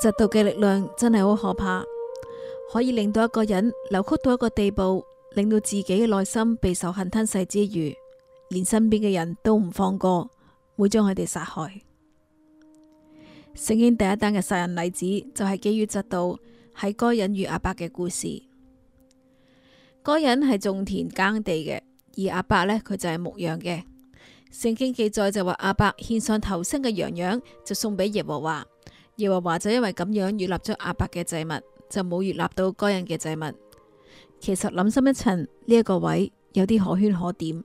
嫉妒嘅力量真係好可怕，可以令到一個人扭曲到一個地步，令到自己嘅內心被仇恨吞噬之餘，連身邊嘅人都唔放過，會將佢哋殺害。聖經第一單嘅殺人例子就係、是、基於嫉妒，喺該隱與阿伯嘅故事。該隱係種田耕地嘅，而阿伯呢，佢就係牧羊嘅。聖經記載就話阿伯獻上頭生嘅羊羊就送俾耶和華。又話話就因為咁樣，悅納咗阿伯嘅祭物，就冇悅納到該隱嘅祭物。其實諗深一層，呢、這、一個位有啲可圈可點。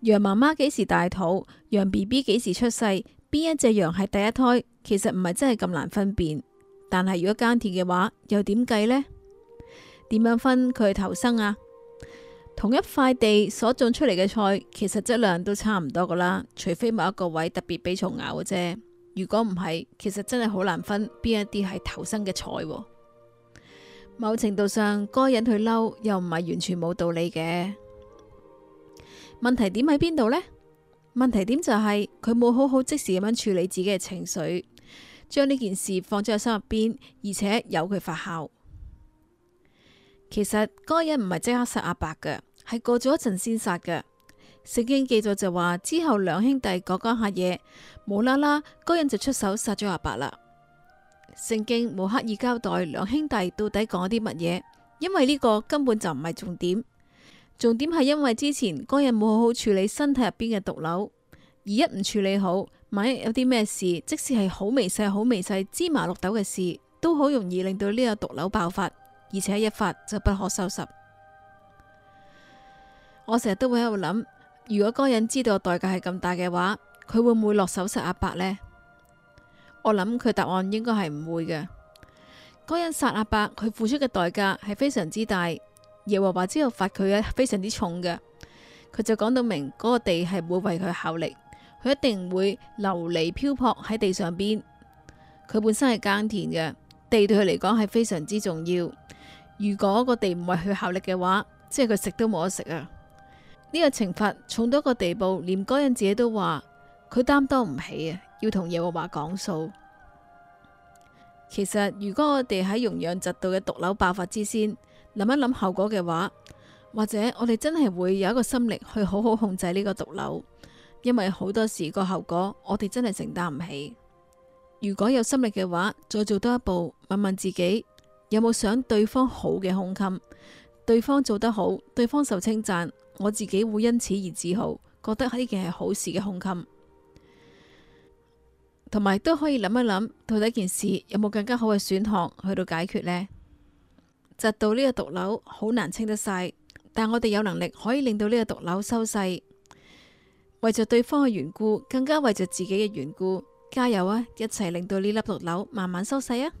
羊媽媽幾時大肚，羊 B B 幾時出世，邊一隻羊係第一胎，其實唔係真係咁難分辨。但係如果耕田嘅話，又點計呢？點樣分佢係頭生啊？同一塊地所種出嚟嘅菜，其實質量都差唔多噶啦，除非某一個位特別俾蟲咬嘅啫。如果唔係，其實真係好難分邊一啲係投生嘅彩。某程度上，該人去嬲，又唔係完全冇道理嘅。問題點喺邊度呢？問題點就係佢冇好好即時咁樣處理自己嘅情緒，將呢件事放咗喺心入邊，而且由佢發酵。其實該人唔係即刻殺阿伯嘅，係過咗一陣先殺嘅。聖經記載就話之後兩兄弟講講下嘢，無啦啦，嗰人就出手殺咗阿伯啦。聖經冇刻意交代兩兄弟到底講啲乜嘢，因為呢個根本就唔係重點。重點係因為之前嗰人冇好好處理身體入邊嘅毒瘤，而一唔處理好，萬一有啲咩事，即使係好微細、好微細芝麻綠豆嘅事，都好容易令到呢個毒瘤爆發，而且一發就不可收拾。我成日都會喺度諗。如果嗰人知道代價係咁大嘅話，佢會唔會落手殺阿伯呢？我諗佢答案應該係唔會嘅。嗰、那個、人殺阿伯，佢付出嘅代價係非常之大。耶和華之後罰佢係非常之重嘅。佢就講到明嗰、那個地係唔會為佢效力，佢一定唔會流離漂泊喺地上邊。佢本身係耕田嘅，地對佢嚟講係非常之重要。如果個地唔為佢效力嘅話，即係佢食都冇得食啊！呢個懲罰重到一個地步，連嗰人自己都話佢擔當唔起啊，要同耶和華講數。其實如果我哋喺容養疾度嘅毒瘤爆發之先諗一諗後果嘅話，或者我哋真係會有一個心力去好好控制呢個毒瘤，因為好多時個後果我哋真係承擔唔起。如果有心力嘅話，再做多一步，問問自己有冇想對方好嘅胸襟。對方做得好，對方受稱讚，我自己會因此而自豪，覺得呢件係好事嘅胸襟，同埋都可以諗一諗，到底件事有冇更加好嘅選項去到解決呢？窒到呢個毒瘤好難清得晒，但我哋有能力可以令到呢個毒瘤收細。為着對方嘅緣故，更加為着自己嘅緣故，加油啊！一齊令到呢粒毒瘤慢慢收細啊！